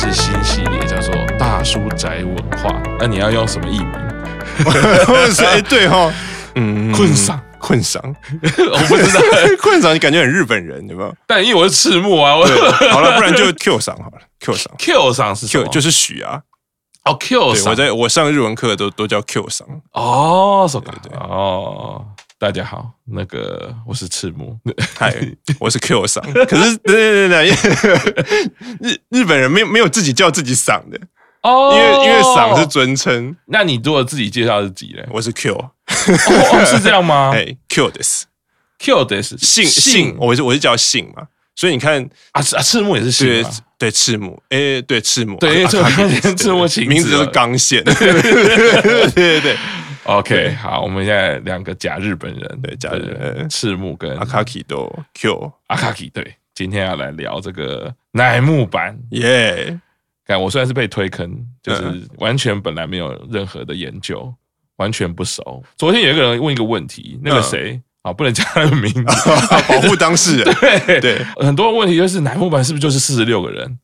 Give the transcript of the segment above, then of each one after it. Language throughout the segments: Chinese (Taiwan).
是新系列，叫做“大叔宅文化”。那你要用什麼藝名？哎、 欸，對哈、哦，嗯，困桑上，困桑上，我不知道， 困桑，你感覺很日本人，有沒有？但因為我是赤木啊，我好了，不然就 KYO 桑好了，KYO 桑，KYO 桑是 KYO，就是許啊，哦，KYO、oh, 我在我上日文課都都叫 KYO 桑，哦，s、oh, o so 對，對對，哦。Oh. 大家好，那個我是赤木，嗨，我是 Q 嗓。可是等等等等，日日本人沒有沒有自己叫自己嗓的哦，因為因為是尊稱，那你果自己介紹自己嘞？我是 Q，是這樣嗎？哎，Q t h s Q t h s 姓姓，我是我是叫姓嘛，所以你看赤木也是姓，對赤木，哎對赤木，對，因為這名字是鋼線，對對對。OK，對好，我們現在兩個假日本人，對，假日本人對赤木跟阿卡奇都 Q 阿卡奇，對，今天要來聊這個乃木坂耶。Yeah 看我雖然是被推坑，就是完全本來沒有任何的研究，嗯、完全不熟。昨天有一個人問一個問題，那個誰啊、嗯，不能叫他的名字， 保護當事人。對對，對對很多問題就是乃木坂是不是就是四十六個人？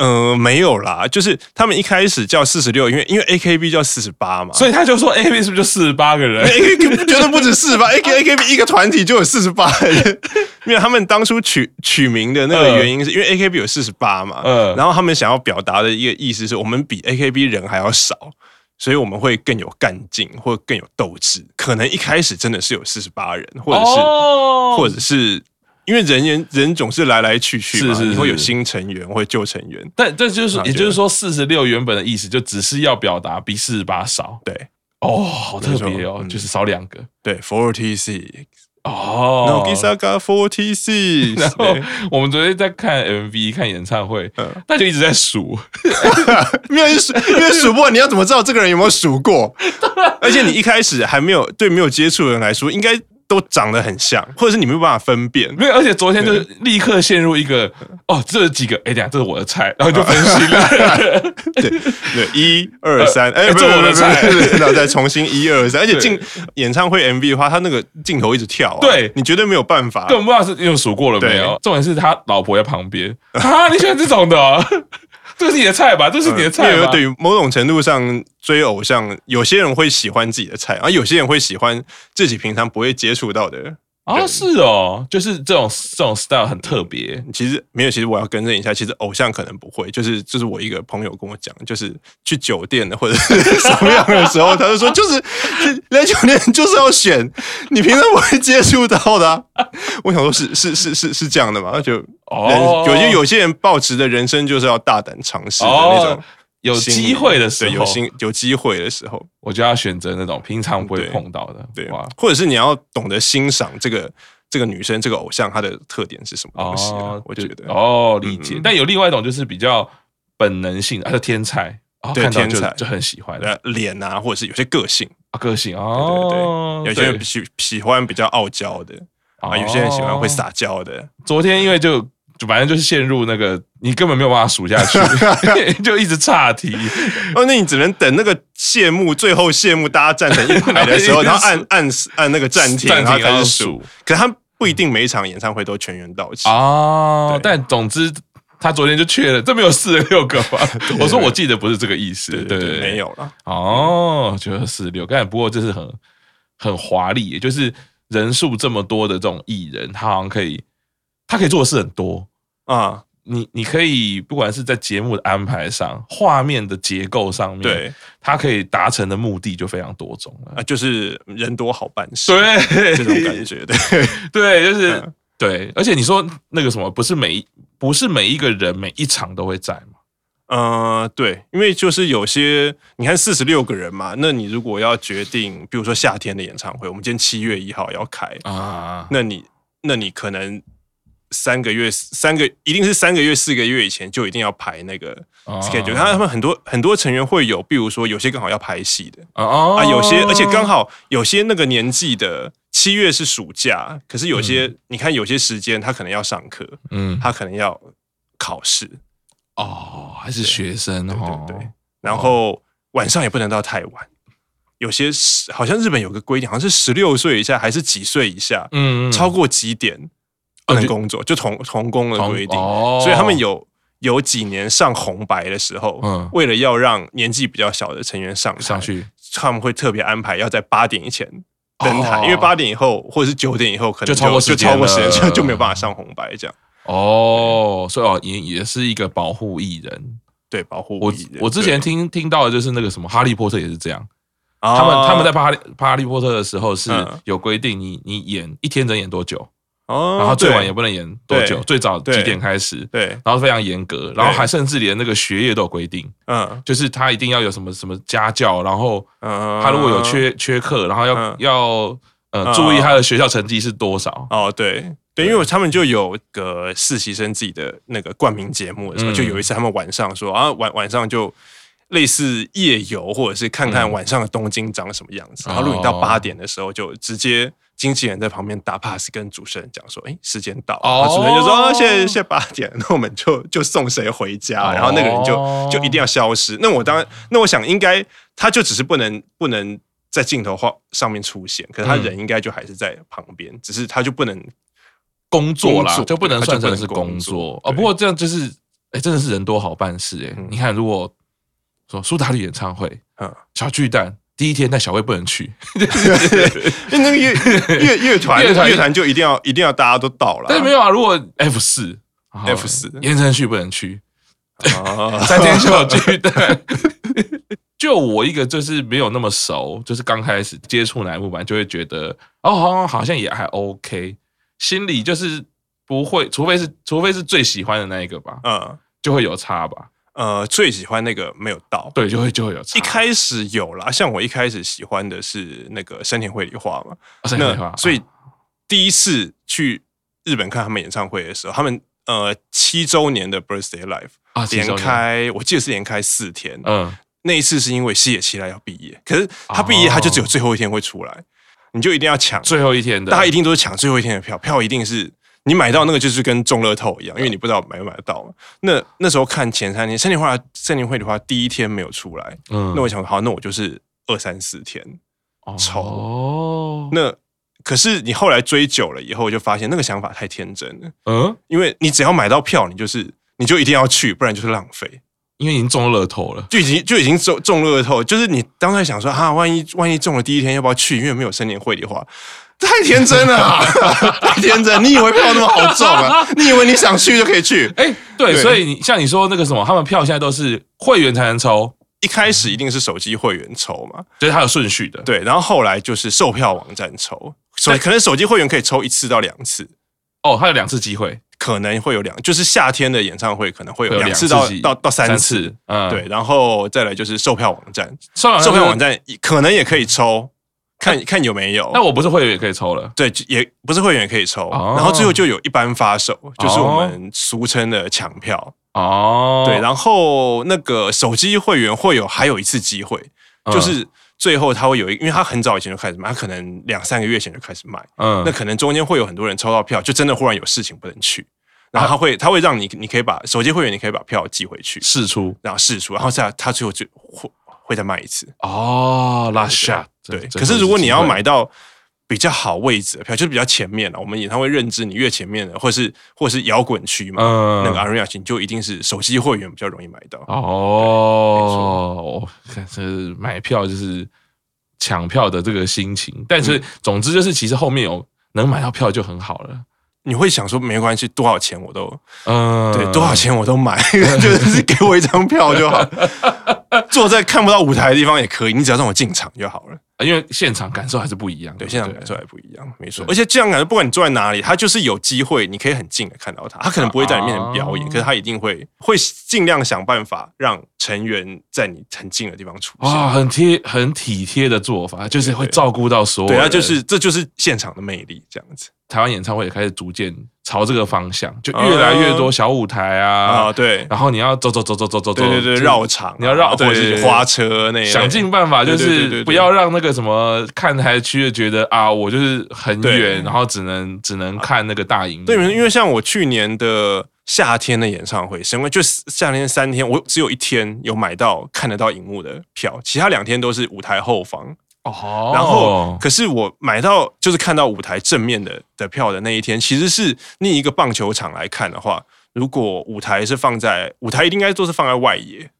呃，沒有啦，就是他們一開始叫四十六，因為因為 AKB 叫四十八嘛，所以他就說 AKB 是不是就四十八個人？AKB 絕對不止四十八，A K AKB 一個團體就有四十八個人，因為他們當初取取名的那個原因是，是、呃、因為 AKB 有四十八嘛，嗯、呃，然後他們想要表達的一個意思是我們比 AKB 人還要少，所以我們會更有幹勁或更有鬥志。可能一開始真的是有四十八人，或者是、哦、或者是。因為人人人總是來來去去嘛，是，會有新成員或舊成員，但這就是也就是說，四十六原本的意思就只是要表達比四十八少。對，哦，好特別哦，就是少兩個。對，forty six。哦，然後乃木坂 forty six。然後我們昨天在看 MV、看演唱會，他就一直在數，沒有數，因為數不完，你要怎麼知道這個人有沒有數過？而且你一開始還沒有對沒有接觸的人來說，應該。都長得很像，或者是你沒有辦法分辨，沒有。而且昨天就是立刻陷入一個哦，這是幾個？哎，等下，這是我的菜，然後就分析了。對對，一二三，哎，不是不是，然後再重新一二三。而且進演唱會 MV 的話，他那個鏡頭一直跳，對，你絕對沒有辦法，更不知道是又數過了沒有。重點是他老婆在旁邊啊，你喜歡這種的？這是你的菜吧？這是你的菜。對、嗯，某種程度上追偶像，有些人會喜歡自己的菜，而、啊、有些人會喜歡自己平常不會接觸到的。啊人、哦，是哦，就是這種這種 style 很特別、嗯。其實沒有，其實我要更正一下，其實偶像可能不會。就是就是我一個朋友跟我講，就是去酒店的或者是什麼樣的時候， 他就說就是來酒店就是要選你平常不會接觸到的、啊。我想說，是是是是是這樣的嘛？就哦，有些、oh. 有些人抱持的人生就是要大膽嘗試的那種。Oh. 有機會的時候，有心有機會的時候，我就要選擇那種平常不會碰到的，對。或者是你要懂得欣賞這個這個女生、這個偶像她的特點是什麼東西？我覺得哦，理解。但有另外一種就是比較本能性的天菜，對，天菜就很喜歡的臉啊，或者是有些個性啊，個性哦，對對對，有些人喜喜歡比較傲嬌的啊，有些人喜歡會撒嬌的。昨天因為就。反正就是陷入那個，你根本沒有辦法數下去， 就一直岔題。哦，那你只能等那個謝幕，最後謝幕，大家站成一排的時候， 然後按按按那個暫停，站停然後開數。可是他不一定每一場演唱會都全員到齊哦。對但總之，他昨天就缺了，這沒有四十六個吧？ 對我說我記得不是這個意思，對，沒有了。哦，就是四十六個。不過這是很很華麗，就是人數這麼多的這種藝人，他好像可以，他可以做的事很多。啊，你你可以不管是在節目的安排上、畫面的結構上面，對，它可以達成的目的就非常多種啊，就是人多好辦事，對，這種感覺，對對，就是、啊、對。而且你說那個什麼，不是每不是每一個人每一場都會在嗎？嗯、呃，對，因為就是有些你看四十六個人嘛，那你如果要決定，比如說夏天的演唱會，我們今天七月一號要開啊，那你那你可能。三個月，三個一定是三個月，四個月以前就一定要排那個 schedule。他他們很多很多成員會有，比如說有些剛好要拍戲的啊，有些而且剛好有些那個年紀的七月是暑假，可是有些你看有些時間他可能要上課，嗯，他可能要考試哦，還是學生哦，對對對，然後晚上也不能到太晚。有些好像日本有個規定，好像是十六歲以下還是幾歲以下？嗯嗯，超過幾點？不能工作，就童童工的規定，所以他們有有幾年上紅白的時候，嗯，為了要讓年紀比較小的成員上上去，他們會特別安排要在八點以前登台，因為八點以後或者是九點以後可能就，就超過時間就就沒有辦法上紅白這樣。哦，所以哦也也是一個保護藝人，對，保護藝人。我之前聽聽到的就是那個什麼《哈利波特》也是這樣，他們他們在拍拍《哈利波特》的時候是有規定，你你演一天能演多久？然後最晚也不能延多久，最早幾點開始？對，對，然後非常嚴格，然後還甚至連那個學業都有規定，嗯，就是他一定要有什麼什麼家教，然後他如果有缺、嗯、缺課，然後要、嗯、要呃、嗯、注意他的學校成績是多少。哦，對對，對對，因為他們就有個實習生自己的那個冠名節目的時候，嗯、就有一次他們晚上說啊晚晚上就。類似夜遊，或者是看看晚上的東京長什麼樣子。然後錄影到八點的時候，就直接經紀人在旁邊打 pass，跟主持人講說、欸：“誒時間到。”主持人就說：“謝謝八點，那我們就就送誰回家？”然後那個人就就一定要消失。那我當然那我想應該他就只是不能不能在鏡頭畫上面出現，可是他人應該就還是在旁邊，只是他就不能工作啦，就，就不能算成是工作哦。對嗯、不過這樣就是誒真的是人多好辦事誒、欸、你看如果。說蘇打綠演唱會嗯，小巨蛋第一天，但小威不能去。嗯、 對 那個樂樂樂團樂團就一定要一定要大家都到了，但沒有啊。如果 F 四 F 四，言承旭不能去對 三天小巨蛋， 就我一個就是沒有那麼熟，就是剛開始接觸乃木坂就會覺得哦，哦，好像也還 OK，心裡就是不會，除非是除非是最喜歡的那一個吧，嗯，就會有差吧。呃，最喜歡那個沒有到，對，就會就會有。一開始有啦，像我一開始喜歡的是那個山田繪梨花嘛，哦、繪梨那，花、嗯。所以第一次去日本看他們演唱會的時候，他們呃七週年的 birthday live 啊，七週年連開我記得是連開四天。嗯，那一次是因為西野七瀨要畢業，可是他畢業他就只有最後一天會出來，哦、你就一定要搶最後一天的，大家一定都是搶最後一天的票，票一定是。你買到那個就是跟中樂透一樣，因為你不知道買不買得到。那那時候看前三年，生年會生年會的話，第一天沒有出來，嗯，那我想說，好，那我就是二三四天，哦，那可是你後來追久了以後，就發現那個想法太天真了，嗯，因為你只要買到票，你就是你就一定要去，不然就是浪費，因為已經中樂透，透了，就已經就已經中中樂透，就是你當時想說，哈、啊，萬一萬一中了第一天，要不要去？因為沒有生年會的話。太天真了， 太天真！你以為票那麼好中啊？你以為你想去就可以去？哎，對，對 所以你像你說那個什麼，他們票現在都是會員才能抽，一開始一定是手機會員抽嘛，嗯、所以他有順序的。對，然後後來就是售票網站抽，所以對 可能手機會員可以抽一次到兩次。哦，還有兩次機會，可能會有兩，就是夏天的演唱會可能會有兩次到到到三次。次嗯，對，然後再來就是售票網站，售票網站可能也可以抽。看看有沒有？那我不是會員也可以抽了？對，也不是會員也可以抽。哦、然後最後就有一般發售，就是我們俗稱的搶票哦。對，然後那個手機會員會有還有一次機會，嗯、就是最後他會有一個，因為他很早以前就開始賣，他可能兩三個月前就開始賣。嗯，那可能中間會有很多人抽到票，就真的忽然有事情不能去，然後他會他會讓你，你可以把手機會員，你可以把票寄回去試出，然後試出，然後下他最後就會再賣一次哦，Last Shot。對，可是如果你要買到比較好位置的票，就是比較前面了。我們演唱會認知，你越前面的，或是或是搖滾區嘛，那個 Arena 就一定是手機會員比較容易買到哦。可是買票就是搶票的這個心情。但是總之就是，其實後面有能買到票就很好了。你會想說沒關係，多少錢我都，嗯，對，多少錢我都買，就是給我一張票就好。坐在看不到舞台的地方也可以，你只要讓我進場就好了，因為現場感受還是不一樣。對，對 現場感受還不一樣，沒錯。對 而且這樣感受，不管你坐在哪裡，他就是有機會，你可以很近的看到他。他可能不會在你面前表演，啊，可是他一定會會盡量想辦法讓成員在你很近的地方出現。啊、哦，很貼，很體貼的做法，就是會照顧到所有人。對啊，就是這就是現場的魅力，這樣子。台灣演唱會也開始逐漸。朝這個方向，就越來越多小舞台啊，啊啊對，然後你要走走走走走走走，繞場，啊，你要繞，對對對對，或者是花車那樣，想盡辦法就是不要讓那個什麼看台區的覺得啊，我就是很遠，對然後只能只能看那個大熒幕。對，因為像我去年的夏天的演唱會，因為就是夏天三天，我只有一天有買到看得到熒幕的票，其他兩天都是舞台後方。哦，oh, 然後可是我買到就是看到舞台正面的的票的那一天，其實是另一個棒球場來看的話，如果舞台是放在舞台，一定應該都是放在外野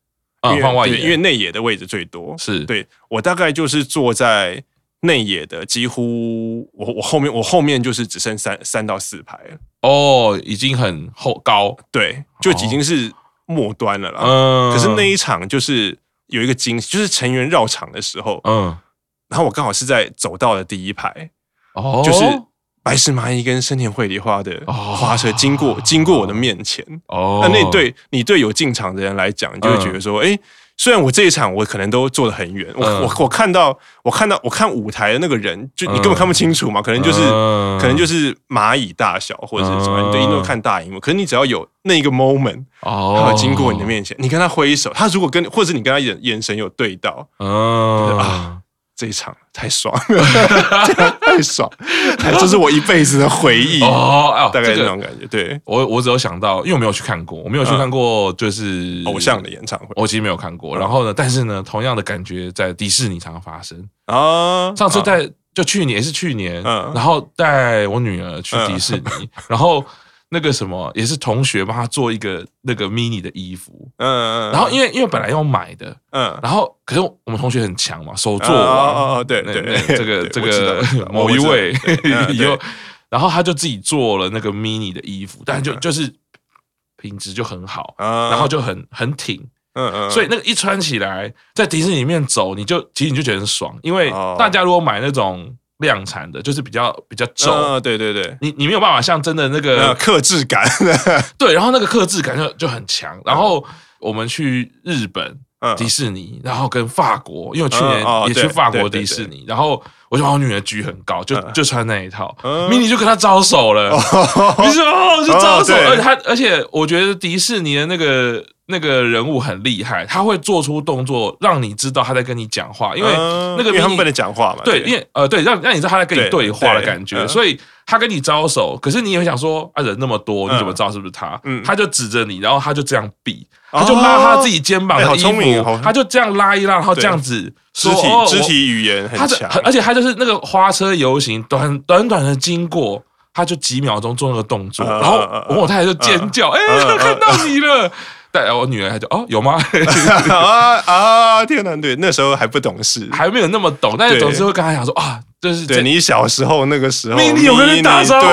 啊，嗯、因為放外野，對因為內野的位置最多是對我大概就是坐在內野的，幾乎我我後面我後面就是只剩三三到四排了哦，oh, 已經很後高，對，就已經是末端了啦。嗯，oh. 可是那一場就是有一個驚就是成員繞場的時候，oh. 嗯。然後我剛好是在走道的第一排，oh? 就是白石麻衣跟生田繪梨花的花車經過，oh, 經過我的面前，哦，oh. 那對你對有進場的人來講，你就會覺得說，哎、uh.，雖然我這一場我可能都坐得很遠，我、uh. 我我看到我看到我看舞台的那個人，就你根本看不清楚嘛，可能就是、uh. 可能就是螞蟻大小或者是什麼，你對因為看大熒幕，可是你只要有那一個 moment 哦，oh. 經過你的面前，你跟他揮手，他如果跟或者你跟他眼眼神有對到、uh. 啊。這一場太爽， 太爽了，這 是我一輩子的回憶哦，大概這種感覺對 oh, oh,、這個。對我，我只有想到，因為我沒有去看過，我沒有去看過，就是偶像的演唱會，我其實沒有看過。Oh. 然後呢，但是呢，同樣的感覺在迪士尼常常發生啊。Oh. 上次在，就去年是去年，oh. 然後帶我女兒去迪士尼，oh. 然後。Oh. 那個什麼也是同學幫他做一個那個 mini 的衣服，嗯，然後因為因為本來要買的，嗯，然後可是我們同學很強嘛，手作哦，對對對，這個這個某一位，然後他就自己做了那個 mini 的衣服，但就就是品質就很好，然後就很很挺，嗯嗯，所以那個一穿起來在迪士尼裡面走，你就其實你就覺得很爽，因為大家如果買那種。量產的，就是比較比較重、嗯，對對對，你你沒有辦法像真的那個客製、嗯、感， 對，然後那個客製感就就很強，然後我們去日本。迪士尼，然後跟法國，因為我去年也去法國迪士尼，嗯哦、然後我就把我女兒舉很高，就、嗯、就穿那一套，米妮、嗯、就跟他招手了，哦、你說、哦、就招手。哦、而且他，而且我覺得迪士尼的那個那個人物很厲害，他會做出動作讓你知道他在跟你講話，因為那個米妮跟他講話嘛，對，對因為呃，對，讓讓你知道他在跟你對話的感覺，嗯、所以。他跟你招手，可是你也會想說啊，人那麼多，你怎麼知道是不是他？嗯、他就指着你，然後他就這樣比，他就拉他自己肩膀然後衣服，哦欸、好聰明，他就這樣拉一拉，然後這樣子，肢體肢體語言很強、哦。而且他就是那個花車遊行，短短短的經過，他就幾秒鐘做那個動作，啊啊啊、然後我跟我太太就尖叫，哎，看到你了。啊啊啊帶我女兒還，她就哦，有嗎？ 啊啊！天哪，對，那時候還不懂事，還沒有那麼懂，但是總是會跟她講說對啊，就是對你小時候那個時候，你有跟人打招呼，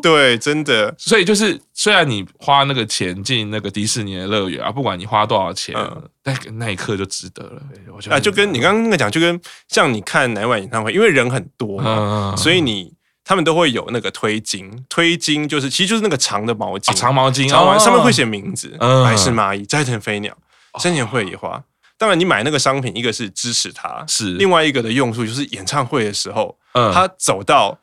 對，對，真的。所以就是，雖然你花那個錢進那個迪士尼的樂園啊，不管你花多少錢，嗯、但那一刻就值得了。我覺得啊，就跟你剛剛那個講，就跟像你看哪一晚演唱會，因為人很多嘛，嗯、所以你。他們都會有那個推巾，推巾就是其實就是那個長的毛巾，哦、長毛巾，長哦、上面會寫名字，白石、嗯、麻衣、齋藤飛鳥、生田絵梨花。當然，你買那個商品，一個是支持他，是另外一個的用處就是演唱會的時候，嗯、他走到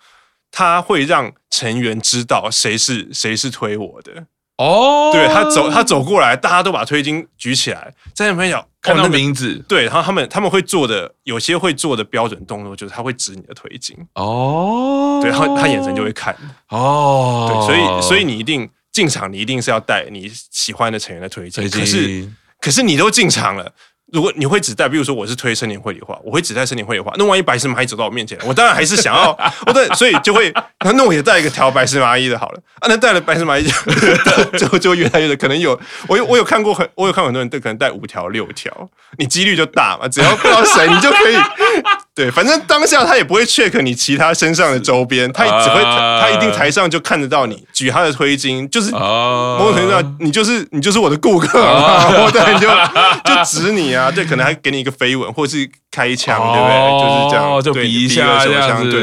他會讓成員知道誰是誰是推我的。哦，oh. 對他走，他走過來，大家都把推金舉起來，在那邊想看到，那個 oh, 名字，對，然後他們他們會做的有些會做的標準動作就是他會指你的推金，哦，oh. 對，他他眼神就會看，哦，oh. 對，所以所以你一定進場，你一定是要帶你喜歡的成員的推金，Okay. 可是可是你都進場了。如果你會只帶，比如說我是推生田繪梨的話，我會只帶生田繪梨的話。那萬一白石麻衣走到我面前，我當然還是想要，對，所以就會那那我也帶一個條白石麻衣的好了啊。那帶了白石麻衣就就就越來越的可能有我有我有看過很我有看過很多人，對，可能帶五條六條，你幾率就大嘛，只要不知誰你就可以。 對，反正當下他也不會 check 你其他身上的周邊，他只會、uh、他一定台上就看得到你舉他的推章，就是某種程度你就是你就是我的顧客啊，uh、對，就就指你啊，對，可能還給你一個飛吻或是開槍，對不、uh、對？就是這樣，就比一下這樣子對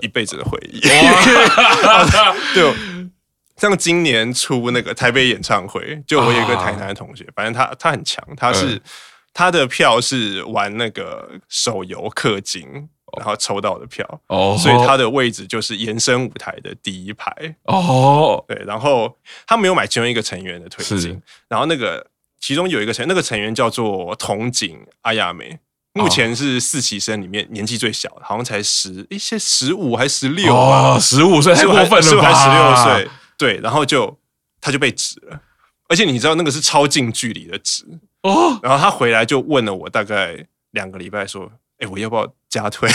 一輩子的回憶。Uh、 對，像今年初那個台北演唱會，就我有一個台南的同學，uh、反正他他很強，他是。Uh 他的票是玩那個手遊氪金，oh. 然後抽到的票，oh. 所以他的位置就是延伸舞台的第一排。哦，oh. 對，然後他沒有買其中一個成員的推薦是然後那個其中有一個成員，那個成員叫做筒井阿亞梅，目前是四期生裡面年紀最小的，好像才十一些十五還十六啊，十五歲太過分了吧？十六歲，對，然後就他就被指了，而且你知道那個是超近距離的指。哦，然後他回來就問了我大概兩個禮拜，說：“哎，我要不要加推？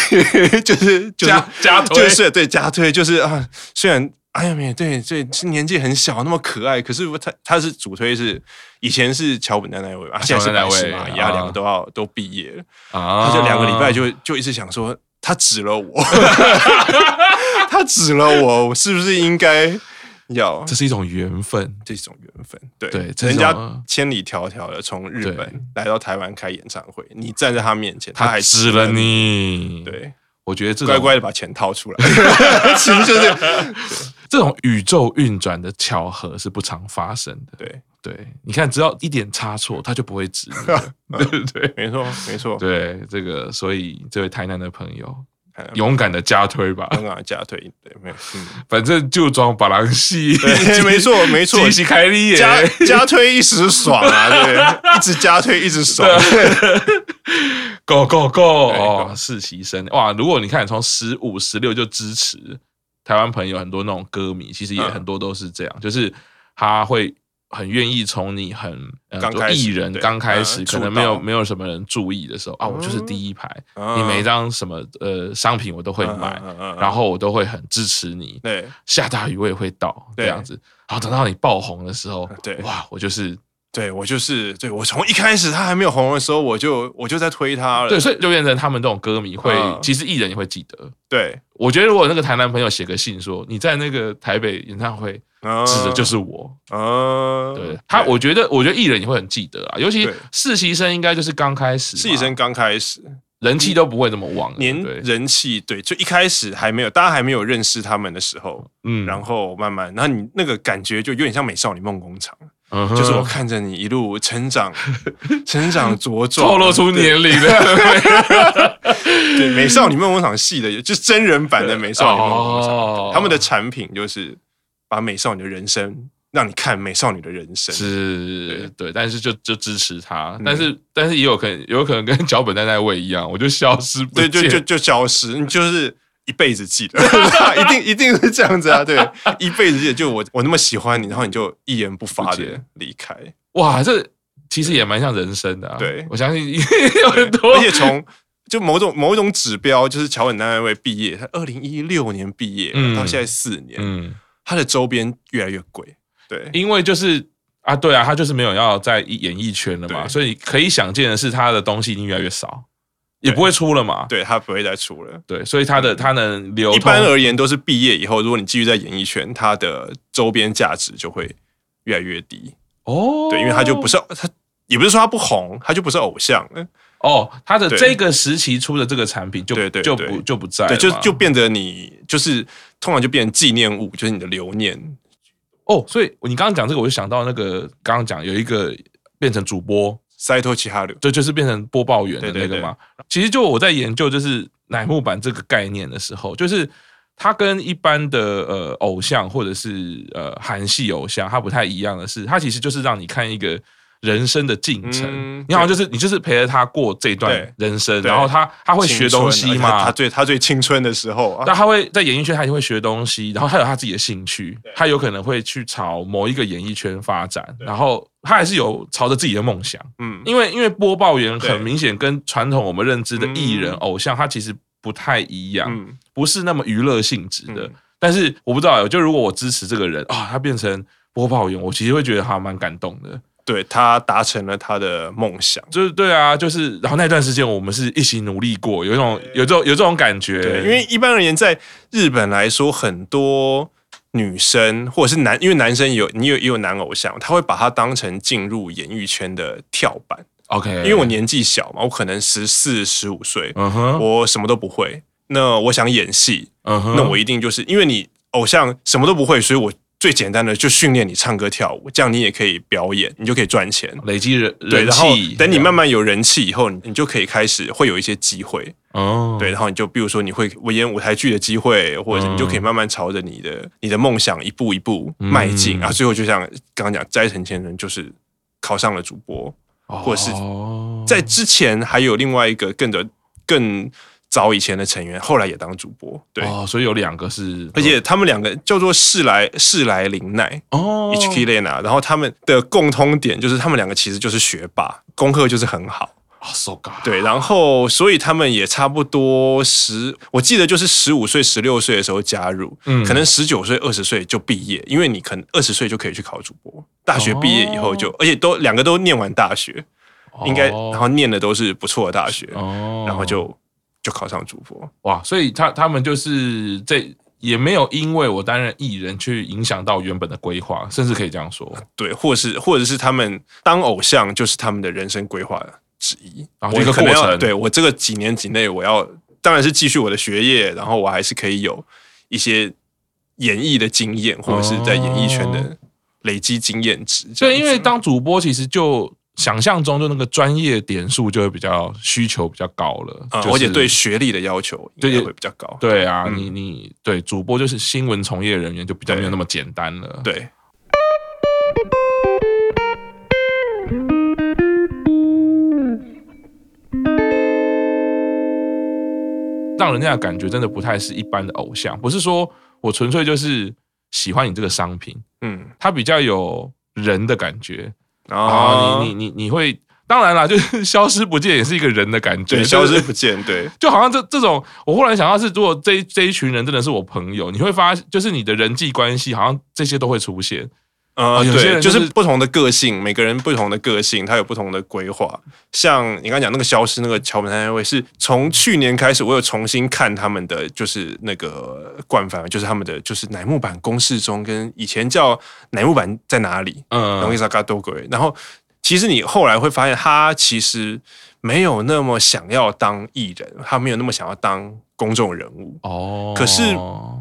就是就是加推，就是對加推，就是啊，雖然哎呀，對，這年紀很小，那麼可愛，可是他他是主推是以前是橋本奈奈未吧，現在是那位嘛，然後兩個都要都畢業了，他就兩個禮拜就就一直想說，他指了我，他指了我，是不是應該？”這是一種緣分，這是一種緣分。對，人家千里迢迢的從日本來到台灣開演唱會，你站在他面前，他還指了你。對，我覺得這乖乖的把錢掏出來，其實就是這種宇宙運轉的巧合是不常發生的。對對，你看，只要一點差錯，他就不會指。對對對，沒錯沒錯。對這個，所以這位台南的朋友。勇敢的加推吧，勇敢的加推，對，沒有，反正就裝把狼系，沒錯沒錯，開加加推一時爽啊，對，一直加推一直爽，go go go 哦，實習生哇，如果你看從十五十六就支持台灣朋友，很多那種歌迷，其實也很多都是這樣，就是他會。很願意從你很做藝人剛開始，開始對可能沒有刀沒有什麼人注意的時候、嗯、啊，我就是第一排，嗯、你每一張什麼呃商品我都會買，嗯嗯嗯嗯、然後我都會很支持你。對，下大雨我也會到這樣子。對然後等到你爆紅的時候，對，哇，我就是。對我就是對，我從一開始他還沒有紅的時候，我就我就在推他了。對，所以就變成他們這種歌迷會，其實藝人也會記得。對，我覺得如果那個台南朋友寫個信說你在那個台北演唱會，指的就是我啊。對他，我覺得我覺得藝人也會很記得啊，尤其實習生應該就是剛開始，實習生剛開始人氣都不會這麼旺，連人氣對，就一開始還沒有大家還沒有認識他們的時候，嗯，然後慢慢，然後你那個感覺就有點像美少女夢工廠。Uh huh. 就是我看着你一路成長、成長茁壯，透 露出年齡的 對， 對美少女夢工廠系的，就真人版的美少女夢工廠，他、oh. 們的產品就是把美少女的人生，讓你看美少女的人生，是，對，對，但是就就支持她，但是、嗯、但是也有可能，有可能跟腳本在那位一樣，我就消失不見，對，就就就消失，你就是。一輩子記得， 一定一定是這樣子啊！對，一輩子記得就我我那麼喜歡你，然後你就一言不發的離開。哇，這其實也蠻像人生的啊！對，我相信有很多。而且從就某種某一種指標，就是橋本奈奈未畢業，他二零一六年畢業、嗯、到現在四年，嗯、他的周邊越來越貴。對，因為就是啊，對啊，他就是沒有要在演藝圈了嘛，對所以可以想見的是，他的東西已經越來越少。對也不會出了嘛？對，他不會再出了。對，所以他的、嗯、他能留。一般而言，都是畢業以後，如果你繼續在演藝圈，他的周邊價值就會越來越低。哦。對，因為他就不是他，也不是說他不紅，他就不是偶像了。哦，他的對這個時期出的這個產品，就對，就不就不在，就就變得你就是通常就變成紀念物，就是你的留念。哦，所以你剛剛講這個，我就想到那個剛剛講有一個變成主播。塞托奇哈流，這就，就是變成播報員的那個嘛？對對對，其實就我在研究就是乃木坂這個概念的時候，就是它跟一般的呃偶像或者是呃韓系偶像，它不太一樣的是，它其實就是讓你看一個。人生的進程，嗯、你好像就是你就是陪着他過這段人生，對然後他他會學東西嘛，他最他最青春的時候，啊、但他會在演藝圈，他也會學東西，然後他有他自己的興趣，對他有可能會去朝某一個演藝圈發展，對然後他還是有朝着自己的夢想。嗯對，因為因為播報員很明顯跟傳統我們認知的藝人偶像，他其實不太一樣，嗯、不是那麼娛樂性質的。嗯、但是我不知道、欸，就如果我支持這個人啊、哦，他變成播報員，我其實會覺得他蠻感動的。對他達成了他的夢想，就是對啊，就是然後那段時間我們是一起努力過，有一種對有這種有這種感覺對，因為一般而言，在日本來說，很多女生或者是男，因為男生有你有也有男偶像，他會把他當成進入演藝圈的跳板。OK, okay. 因為我年紀小嘛，我可能十四十五歲，嗯哼、uh-huh. 我什麼都不會，那我想演戲，嗯哼、uh-huh. 那我一定就是因為你偶像什麼都不會，所以我。最簡單的就訓練你唱歌跳舞，這樣你也可以表演，你就可以賺錢，累積人氣，對，然後等你慢慢有人氣以後，你就可以開始會有一些機會、哦、對，然後你就比如說你會演舞台劇的機會，或者你就可以慢慢朝着你的、嗯、你的夢想一步一步邁進，嗯、然後最後就像剛剛講齋藤千春就是考上了主播，或者是在之前還有另外一個更的更。早以前的成員後來也當主播，對。哦、所以有兩個是，而且他們兩個叫做世來世來林奈哦 h k l e n a 然後他們的共通點就是他們兩個其實就是學霸，功課就是很好啊，so good，對，哦、然後所以他們也差不多十，我記得就是十五歲、十六歲的時候加入，嗯、可能十九歲、二十歲就畢業，因為你可能二十歲就可以去考主播，大學畢業以後就，哦、而且都兩個都念完大學，哦、應該然後念的都是不錯的大學，哦、然後就。就考上主播哇，所以他他們就是在也沒有因為我擔任藝人去影響到原本的規劃，甚至可以這樣說，啊、對，或是或者是他們當偶像就是他們的人生規劃之一。我、啊這個、過程我對我這個幾年之內我要當然是繼續我的學業，然後我還是可以有一些演藝的經驗，或者是在演藝圈的累積經驗值。哦、對，因為當主播其實就。想象中就那個專業點數就會比較需求比較高了、嗯，而且、就是、對學歷的要求也會比較高。對、嗯。對啊，你你對主播就是新聞從業人員就比較沒有那麼簡單了對。對，讓人家的感覺真的不太是一般的偶像，不是說我純粹就是喜歡你這個商品。嗯，他比較有人的感覺。然後、嗯哦、你你你你會，當然了，就是消失不見也是一個人的感覺，對對對消失不見，對，就好像這這種，我忽然想到是，如果這這一群人真的是我朋友，你會發現，就是你的人際關係好像這些都會出現。呃，嗯啊、對，有就是、就是不同的個性，每個人不同的個性，他有不同的規劃。像你剛講那個消失，那個橋本太因位，是從去年開始，我有重新看他們的，就是那個冠番，就是他們的就是乃木坂工事中，跟以前叫乃木坂在哪裡，嗯，然後其實你後來會發現，他其實沒有那麼想要當藝人，他沒有那麼想要當公眾人物。哦，可是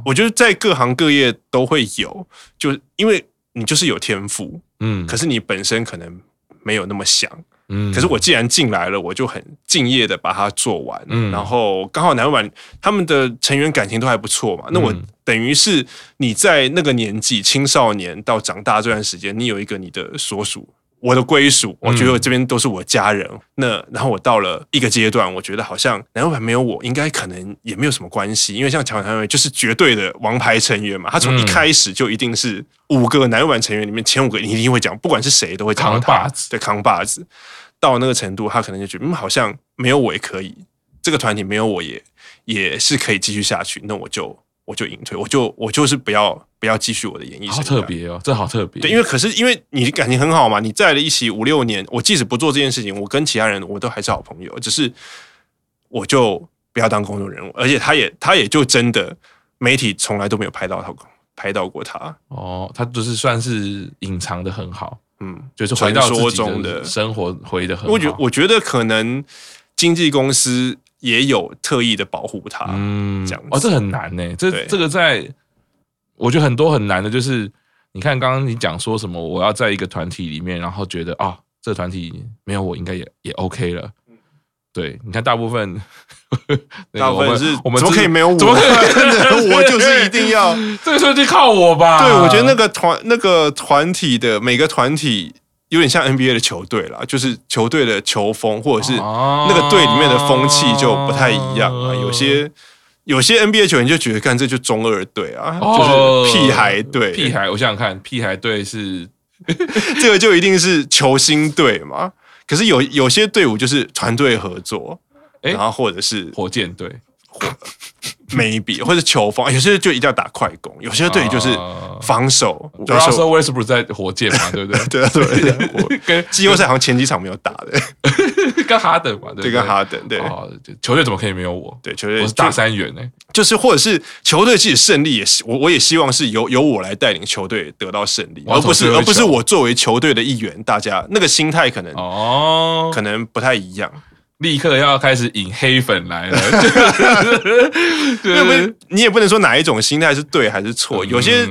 我覺得在各行各業都會有，就是因為。你就是有天賦，嗯，可是你本身可能沒有那麼想，嗯，可是我既然進來了，我就很敬業的把它做完，嗯，然後剛好男團他們的成員感情都還不錯嘛，那我等於是你在那個年紀，青少年到長大這段時間，你有一個你的所屬。我的歸屬，我覺得這邊都是我家人。嗯、那然後我到了一個階段，我覺得好像男團沒有我，應該可能也沒有什麼關係，因為像喬振宇就是絕對的王牌成員嘛。他從一開始就一定是五個男團成員裡面、嗯、前五個，你一定會講，不管是誰都會扛把子，對扛把子。到那個程度，他可能就覺得，嗯，好像沒有我也可以，這個團體沒有我也也是可以繼續下去。那我就。我就隱退，我就我就是不要不要繼續我的演藝生涯。好特別哦，這好特別。對，因為可是因為你感情很好嘛，你在了一起五六年。我即使不做這件事情，我跟其他人我都還是好朋友。只是我就不要當公眾人物，而且他也他也就真的媒體從來都沒有拍到他，拍到過他。哦，他就是算是隱藏的很好，嗯，就是回到自己的生活回得，回的很。我覺我覺得可能經紀公司。也有特意的保護他，嗯。哦，這很難呢、欸。這對這個在，我覺得很多很難的，就是你看剛剛你講說什麼，我要在一個團體裡面，然後覺得啊、哦，這個團體沒有我應該也也 OK 了。嗯、對你看，大部分大部分 是，我們怎麼可以沒有我？怎麼可能？我就是一定要， 這個時候就靠我吧。對，我覺得那個團那個團體的每個團體。有點像 NBA 的球隊啦，就是球隊的球風或者是那個隊裡面的風氣就不太一樣啊有。有些有些 NBA 球員就覺得，看這就中二隊啊，哦、就是屁孩隊。屁孩，我想想看，屁孩隊是 這個就一定是球星隊嘛？可是有有些隊伍就是團隊合作，然後或者是、欸、火箭隊。Maybe 或者球方，有些就一定要打快攻，有些隊就是防守。有 u 時候 Russell Westbrook、uh, 在火箭嘛，對不對？ 對、啊、對、啊、對、啊對、啊對啊，跟季後賽好像前幾場沒有打的， 跟哈登嘛，對、對、對跟哈登對、uh, 對。球隊怎麼可以沒有我？對，球隊我是大三元呢，、欸。就是或者是球隊即使勝利也，也我我也希望是由由我來帶領球隊得到勝利，而不是而不是我作為球隊的一員，大家那個心態可能哦，oh. 可能不太一樣。立刻要開始引黑粉來了，對, 對 不對？你也不能說哪一種心態是對還是錯，有些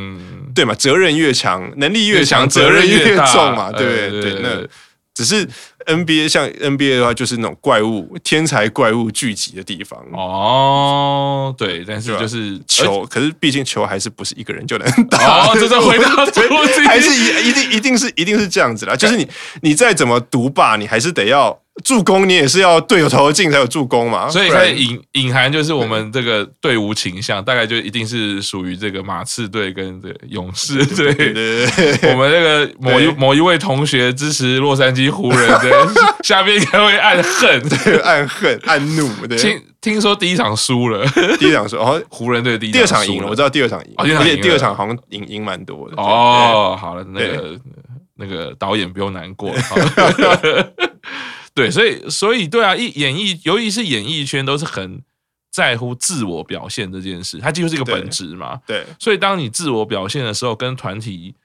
對嘛？責任越強，能力越強，責任越重嘛對對對對， 對對？對，那只是 NBA 像 NBA 的話，就是那種怪物、天才怪物聚集的地方哦。對，但是就是球，可是畢竟球還是不是一個人就能打，就算回到最後， 還是一一定一定是一定是這樣子啦。就是你你再怎麼獨霸，你還是得要。助攻你也是要隊友投進才有助攻嘛，所以它隱隱含就是我們這個隊伍傾向大概就一定是屬於這個馬刺隊跟這個勇士隊。對，我們那個某一某一位同學支持洛杉磯湖人的，下面應該會暗恨，暗恨暗怒。聽聽說第一場輸了，第一場輸，哦，湖人隊第一場輸了，第二場贏了，我知道第二場贏，而且第二場好像贏贏蠻多的。哦，好了，那個那個導演不用難過。對，所以，所以，對啊，演演藝，尤其是演藝圈，都是很在乎自我表現這件事，它幾乎是一個本質嘛。對，對所以當你自我表現的時候，跟團體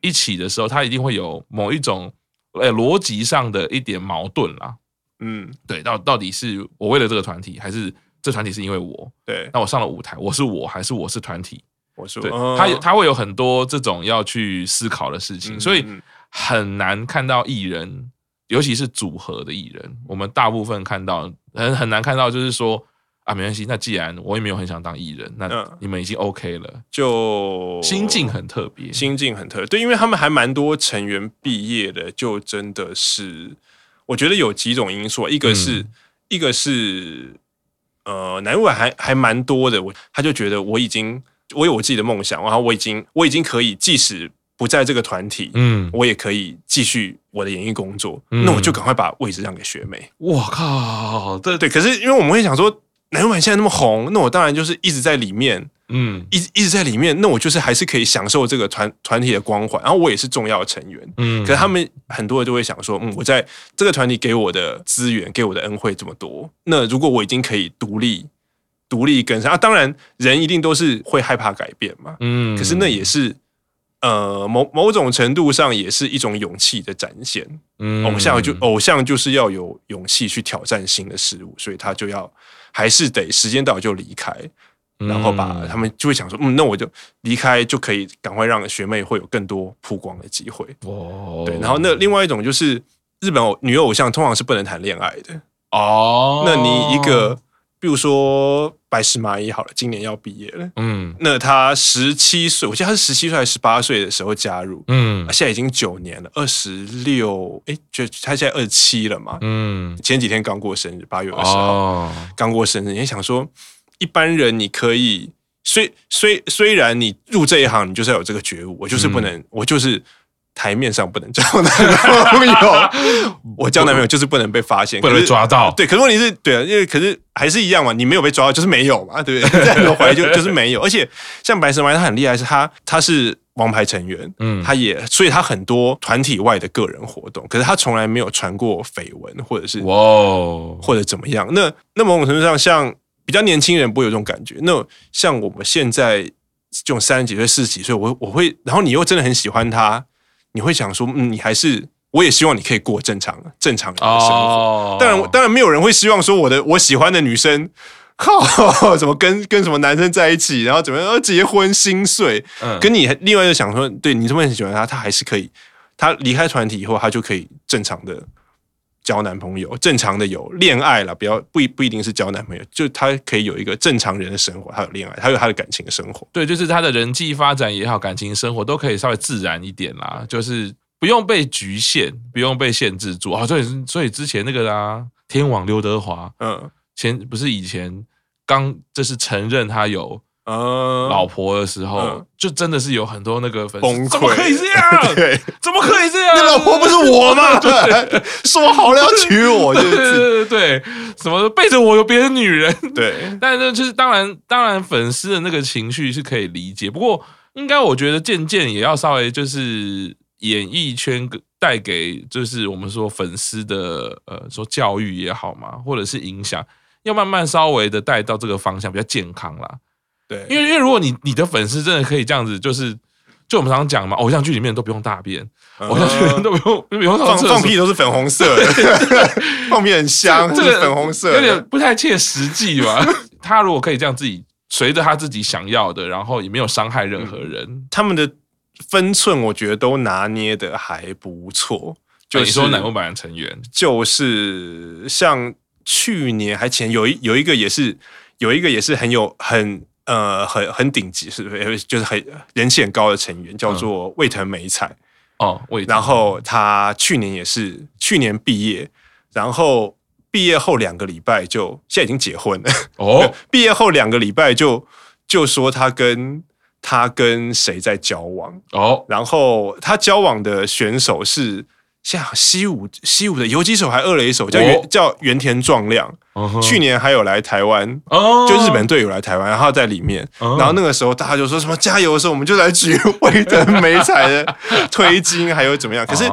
一起的時候，他一定會有某一種哎、欸、邏輯上的一點矛盾啦。嗯，對，到到底是我為了這個團體，還是這團體是因為我？對，那我上了舞台，我是我，還是我是團體？我是說對，他他、哦、會有很多這種要去思考的事情，嗯、所以很難看到藝人。尤其是組合的藝人，我們大部分看到很很難看到，就是說啊，沒關係，那既然我也沒有很想當藝人，那你們已經 OK 了，就心境很特別，心境很特別。對，因為他們還蠻多成員畢業的，就真的是，我覺得有幾種因素，一個是、嗯、一個是，呃，男人還還蠻多的，我他就覺得我已經我有我自己的夢想，然後我已經我已經可以，即使。不在這個團體，嗯，我也可以繼續我的演藝工作，嗯、那我就趕快把位置讓給學妹。哇靠，對對對！可是因為我們會想說，男團現在那麼紅，那我當然就是一直在裡面，嗯，一一直在裡面，那我就是還是可以享受這個團團體的光環，然後我也是重要的成員，嗯。可是他們很多人就會想說，嗯，我在這個團體給我的資源、給我的恩惠這麼多，那如果我已經可以獨立、獨立跟上啊，當然人一定都是會害怕改變嘛，嗯。可是那也是。呃，某某種程度上也是一種勇氣的展現。嗯，偶像就偶像就是要有勇氣去挑戰新的事物，所以他就要還是得時間到就離開，嗯，然後把他們就會想說，嗯，那我就離開就可以趕快讓學妹會有更多曝光的機會。哦，對，然後那另外一種就是日本偶女偶像通常是不能談戀愛的哦。那你一個，比如說。白石麻衣好了，今年要畢業了。嗯，那他十七歲，我記得他是十七歲還是十八歲的時候加入。嗯，現在已經九年了，二十六，哎，就他現在二十七了嘛。嗯，前幾天剛過生日，八月二十號剛、哦、過生日，你想說一般人你可以，雖雖雖然你入這一行，你就是要有這個覺悟，我就是不能，嗯、我就是。台面上不能交男朋友， 我交男朋友就是不能被發現，不能被抓到。對，可是問題是對啊，因為可是還是一樣嘛，你沒有被抓到就是沒有嘛，對不對？在你懷疑就就是沒有。而且像白石麻衣，他很厲害，是他他是王牌成員，嗯，他也所以他很多團體外的個人活動，可是他從來沒有傳過緋聞或者是哇、哦、或者怎麼樣。那那某種程度上，像比較年輕人不會有這種感覺，那種像我們現在這種三十幾歲、四十幾歲，我我會，然後你又真的很喜歡他。你會想說，嗯，你還是，我也希望你可以過正常、正常人的生活。Oh. 當然，當然沒有人會希望說我的我喜歡的女生，靠，怎麼跟跟什麼男生在一起，然後怎麼樣，結婚心碎。嗯，跟你另外就想說，對你這麼很喜歡他，他還是可以，他離開團體以後，他就可以正常的。交男朋友，正常的有戀愛了，不要，不不一定是交男朋友，就他可以有一個正常人的生活，他有戀愛，他有他的感情生活，對，就是他的人際發展也好，感情生活都可以稍微自然一點啦，嗯、就是不用被局限，不用被限制住啊。所以、哦、所以之前那個啦、啊，天王劉德華，嗯，前不是以前剛就是承認他有。啊，uh, 老婆的時候，uh, 就真的是有很多那個粉絲，潰怎麼可以這樣？ 對怎麼可以這樣？ 你老婆不是我嗎？ 對，說好了要娶我，對對對對對，什麼背着我有別的女人？對，但是就是當然，當然粉絲的那個情緒是可以理解。不過，應該我覺得漸漸也要稍微就是演藝圈帶給就是我們說粉絲的呃說教育也好嘛，或者是影響，要慢慢稍微的帶到這個方向比較健康啦。對，因為因為如果你你的粉絲真的可以這樣子，就是就我們常常講嘛，偶像劇裡面都不用大便，呃、偶像劇裡面都不用，不用放放屁都是粉紅色，的，後面 很香，這個粉紅色的有點不太切實際吧？ 他如果可以這樣自己隨着他自己想要的，然後也沒有傷害任何人，嗯，他們的分寸我覺得都拿捏得還不錯。就是啊，你說乃木坂的成員，就是像去年還前有一有一個也是有一個也是很有很，呃，很很頂級，是不是？就是很人氣很高的成員，叫做衛藤美彩、嗯、哦。然後他去年也是去年畢業，然後畢業後兩個禮拜就現在已經結婚了哦。 畢業後兩個禮拜就就說他跟他跟誰在交往哦，然後他交往的選手是。像西武，西武的游擊手還二了一手，叫源、oh. 叫源田壯亮，uh huh. 去年還有來台灣，oh. 就日本隊友來台灣，然後在裡面，oh. 然後那個時候大家就說什麼加油的時候，我們就來舉衛藤美彩的推金， 還有怎麼樣？可是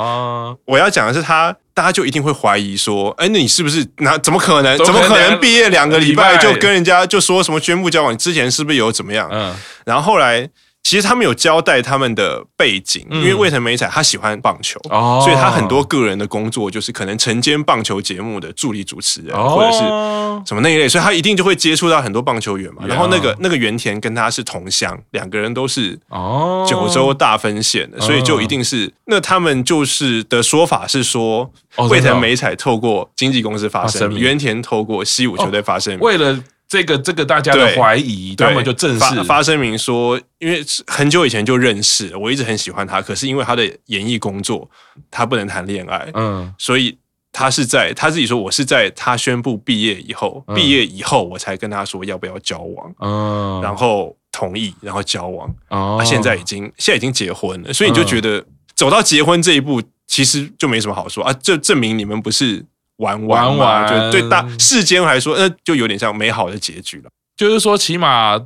我要講的是他，大家就一定會懷疑說，哎、oh. 欸，那你是不是那怎麼可能？怎麼可能畢業兩個禮拜就跟人家就說什麼宣布交往？之前是不是有怎麼樣？Oh. 然後後來。其實他們有交代他們的背景，嗯、因為衛藤美彩他喜歡棒球，哦、所以他很多個人的工作就是可能承接棒球節目的助理主持人，哦、或者是什麼那一類，所以他一定就會接觸到很多棒球員嘛。嗯、然後那個那個原田跟他是同鄉，兩個人都是九州大分縣的，哦、所以就一定是那他們就是的說法是說，哦、衛藤美彩透過經紀公司發聲明，發聲明，原田透過西武球隊發聲明，哦、為了。這個這個大家的懷疑，對，他們就正式發聲明說，因為很久以前就認識了，我一直很喜歡他，可是因為他的演藝工作，他不能談戀愛，嗯，所以他是在他自己說，我是在他宣布畢業以後，嗯、畢業以後我才跟他說要不要交往，嗯，然後同意，然後交往，嗯、啊，他現在已經現在已經結婚了，所以你就覺得走到結婚這一步，其實就沒什麼好說啊，就證明你們不是。玩完玩完完，就對大世間來說，呃，就有點像美好的結局了。就是說，起碼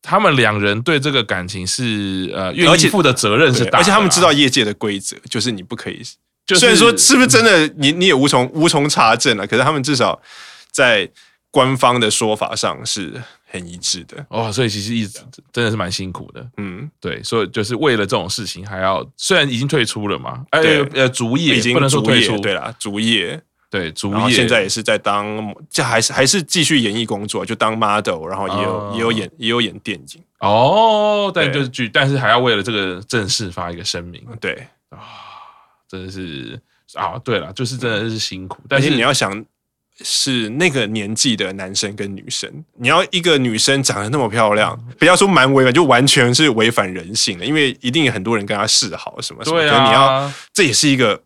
他們兩人對這個感情是呃，願意負的責任是大，啊、而,且 而且他們知道業界的規則，就是你不可以。就是 雖然說是不是真的，你你也無從無從查證了、啊。可是他們至少在官方的說法上是很一致的。哦，所以其實一直真的是蠻辛苦的。嗯，對，所以就是為了這種事情還要，雖然已經退出了嘛、哎，對 呃呃，卒業已經不能說退出，對了，卒業。對，然後現在也是在當，就還是還是繼續演藝工作，就當 model，然後也有、uh、也有演也有演電影哦，oh, 對就是劇，但是還要為了這個正式發一個聲明，對啊、哦，真的是啊、哦，對了，就是真的是辛苦，嗯、但是你要想是那個年紀的男生跟女生，你要一個女生長得那麼漂亮，不要說蠻違反，就完全是違反人性的，因為一定有很多人跟她示好什麼什麼，所以、啊、你要這也是一個。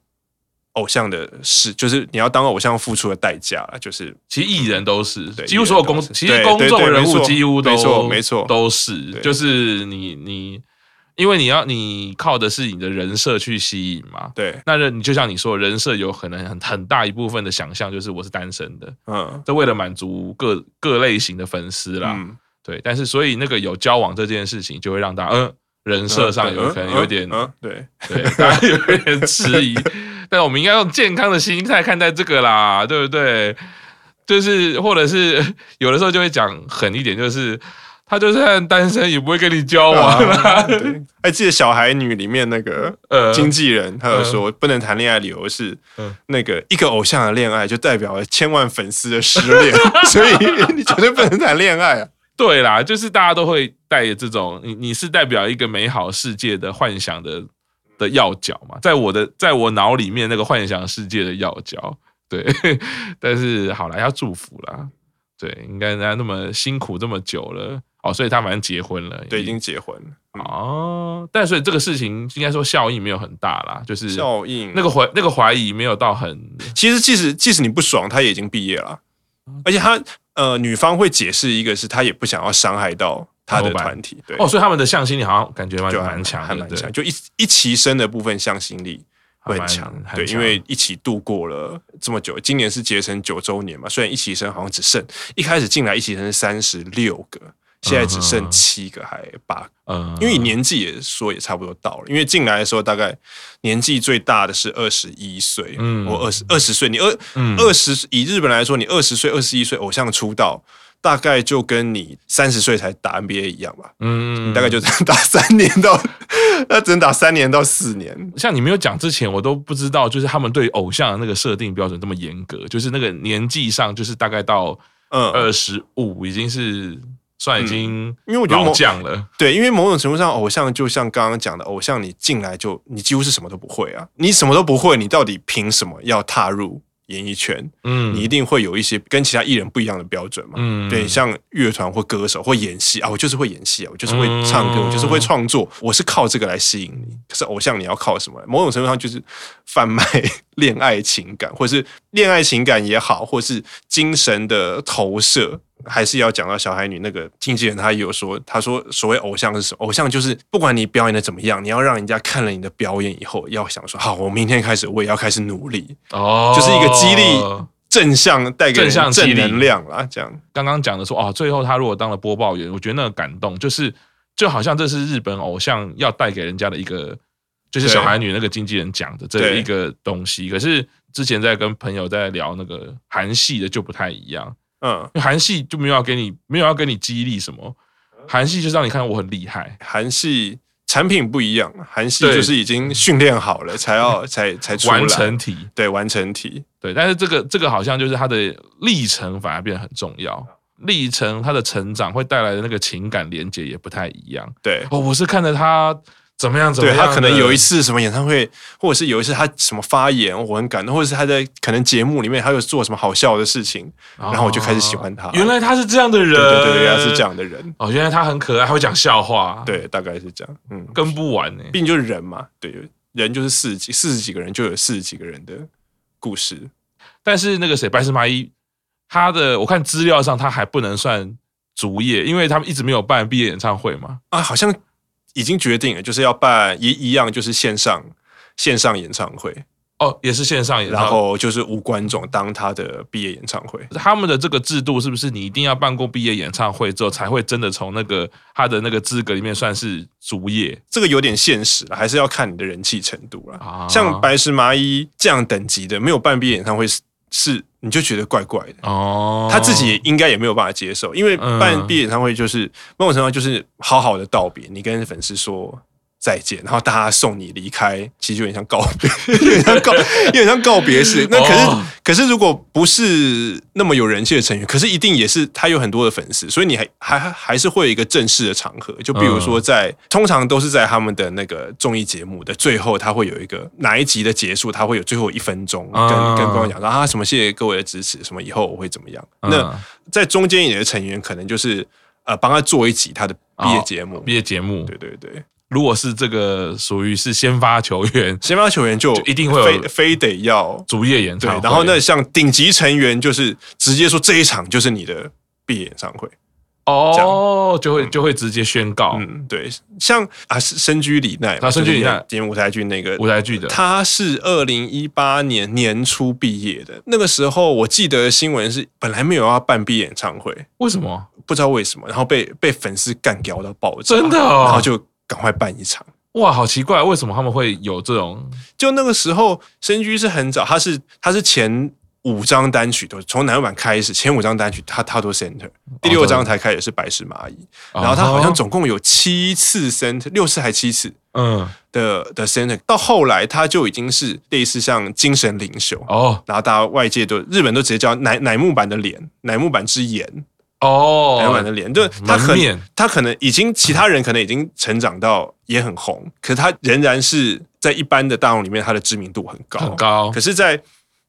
偶像的事，就是你要當偶像付出的代價，就是其實藝人都是，幾乎所有公，其實公眾人物幾乎都沒錯，都是就是你你，因為你要你靠的是你的人設去吸引嘛，對，那就像你說，人設有可能很很大一部分的想象就是我是單身的，嗯，這為了滿足各各類型的粉絲啦，對，但是所以那個有交往這件事情就會讓大家，嗯，人設上有可能有點，對對，大家有點遲疑。但我們應該用健康的心態看待這個啦，對不對？就是，或者是有的時候就會講狠一點，就是他就算單身也不會跟你交往了。哎、呃，還記得小孩女裡面那個呃經紀人，他就說不能談戀愛，理由是、呃、那個一個偶像的戀愛就代表了千萬粉絲的失戀， 所以你絕對不能談戀愛、啊。對啦，就是大家都會帶着這種，你你是代表一個美好世界的幻想的，的要角嘛，在我的在我腦裡面那個幻想世界的要角。對，但是好啦，要祝福啦，對，應該人家那麼辛苦這麼久了，哦，所以他反正結婚了，對，已經，已經結婚了，嗯、哦，但所以這個事情應該說效應沒有很大啦，就是效應那個懷那個懷疑沒有到很，其實即使即使你不爽，他也已經畢業了，Okay. 而且他呃女方會解釋，一個是他也不想要傷害到。他的團體對哦，所以他們的向心力好像感覺強的就蠻強，還蠻強。就一一期生的部分向心力會強，對，因為一起度過了這麼久。今年是結成九周年嘛？雖然一期生好像只剩一開始進來一期生三十六個，現在只剩七個還八個。嗯，因為你年紀也說也差不多到了。因為進來的時候大概年紀最大的是二十一歲，嗯，二十二十歲。你二二十以日本來說，你二十歲、二十一歲偶像出道。大概就跟你三十歲才打 NBA 一樣吧，嗯，大概就這樣打三年到，那只能打三年到四年。像你沒有講之前，我都不知道，就是他們對偶像的那個設定標準這麼嚴格，就是那個年紀上，就是大概到嗯，二十五已經是算已經，嗯嗯，因為我覺得老將了，對，因為某種程度上，偶像就像剛剛講的，偶像你進來就你幾乎是什麼都不會啊，你什麼都不會，你到底憑什麼要踏入？演藝圈，嗯，你一定會有一些跟其他藝人不一樣的標準嘛，嗯、對，像樂團或歌手或演戲啊，我就是會演戲啊，我就是會唱歌，我就是會創作，我是靠這個來吸引你。可是偶像你要靠什麼？某種程度上就是販賣戀愛情感，或是戀愛情感也好，或是精神的投射。還是要講到小孩女那個經紀人，他有說，他說所謂偶像是什麼？偶像就是不管你表演得怎麼樣，你要讓人家看了你的表演以後，要想說好，我明天開始我也要開始努力哦，就是一個激勵正向帶給正向正能量了。這樣剛剛講的說哦，最後他如果當了播報員，我覺得那個感動就是就好像這是日本偶像要帶給人家的一個，就是小孩女那個經紀人講的這個一個東西。可是之前在跟朋友在聊那個韓系的，就不太一樣。嗯，韓系就沒有要給你，沒有要給你激勵什麼。韓系就是讓你看我很厲害。韓系產品不一樣，韓系就是已經訓練好了，對才要才才完成體。對，完成體。對，但是這個這個好像就是他的歷程反而變得很重要，歷程他的成長會帶來的那個情感連接也不太一樣。對，哦，我是看着他。怎麼樣，怎麼樣？對，他可能有一次什麼演唱會，或者是有一次他什麼發言，我很感動，或者是他在可能節目裡面他有做什麼好笑的事情，哦、然後我就開始喜歡他。原來他是這樣的人，對對對，原來他是這樣的人。哦，原來他很可愛，還會講笑話。對，大概是這樣。嗯，跟不完呢，畢竟就是人嘛。對，人就是四十幾、四十幾個人就有四十幾個人的故事。但是那個誰，白石麻衣，他的我看資料上他還不能算卒業，因為他們一直沒有辦畢業演唱會嘛。啊，好像。已經決定了，就是要辦一一樣，就是線上線上演唱會哦，也是線上演唱會，然後就是無觀眾，當他的畢業演唱會。他們的這個制度是不是你一定要辦過畢業演唱會之後，才會真的從那個他的那個資格裡面算是主業？這個有點現實了，還是要看你的人氣程度啦。啊、像白石麻衣這樣等級的，沒有辦畢業演唱會是。是，你就覺得怪怪的。哦，oh. 他自己也應該也沒有辦法接受，因為辦畢業演唱會就是，某種程度就是好好的道別，你跟粉絲說。再見，然後大家送你離開，其實有點像告別，有點像告，有點 像告別式。那可是，oh. 可是，如果不是那麼有人氣的成員，可是一定也是他有很多的粉絲，所以你還還還是會有一個正式的場合，就比如說在、嗯、通常都是在他們的那個綜藝節目的最後，他會有一個哪一集的結束，他會有最後一分鐘、嗯、跟跟觀眾講說啊，什麼謝謝各位的支持，什麼以後我會怎麼樣。嗯、那在中間有的成員可能就是呃幫他做一集他的畢業節目，oh, 畢業節目，對對對。如果是這個屬於是先發球員，先發球員就一定會有，非得要畢業演唱。然後那像頂級成員，就是直接說這一場就是你的畢業演唱會哦，就會就會直接宣告。嗯，對，像啊，生駒裡奈，啊，生駒裡奈，今天舞台劇那個舞台劇的，他是二零一八年年初畢業的。那個時候我記得新聞是本來沒有要辦畢業演唱會，為什麼不知道為什麼，然後被被粉絲幹掉到爆炸，真的，然後就。趕快辦一場哇！好奇怪，為什麼他們會有這種？就那個時候，深居是很早，他是他是前五張單曲都從乃木版開始，前五張單曲他他都 center，第六張才開始是白石螞蟻，哦，然後他好像總共有七次 center，哦，六次還七次，嗯的的 center，到後來他就已經是類似像精神領袖哦，然後大家外界都日本都直接叫奶奶木板的臉，奶木板之眼。哦，圓滿、oh, 的臉就是他很，門面他可能已經其他人可能已經成長到也很紅，可是他仍然是在一般的大眾裡面，他的知名度很高，很高、哦。可是，在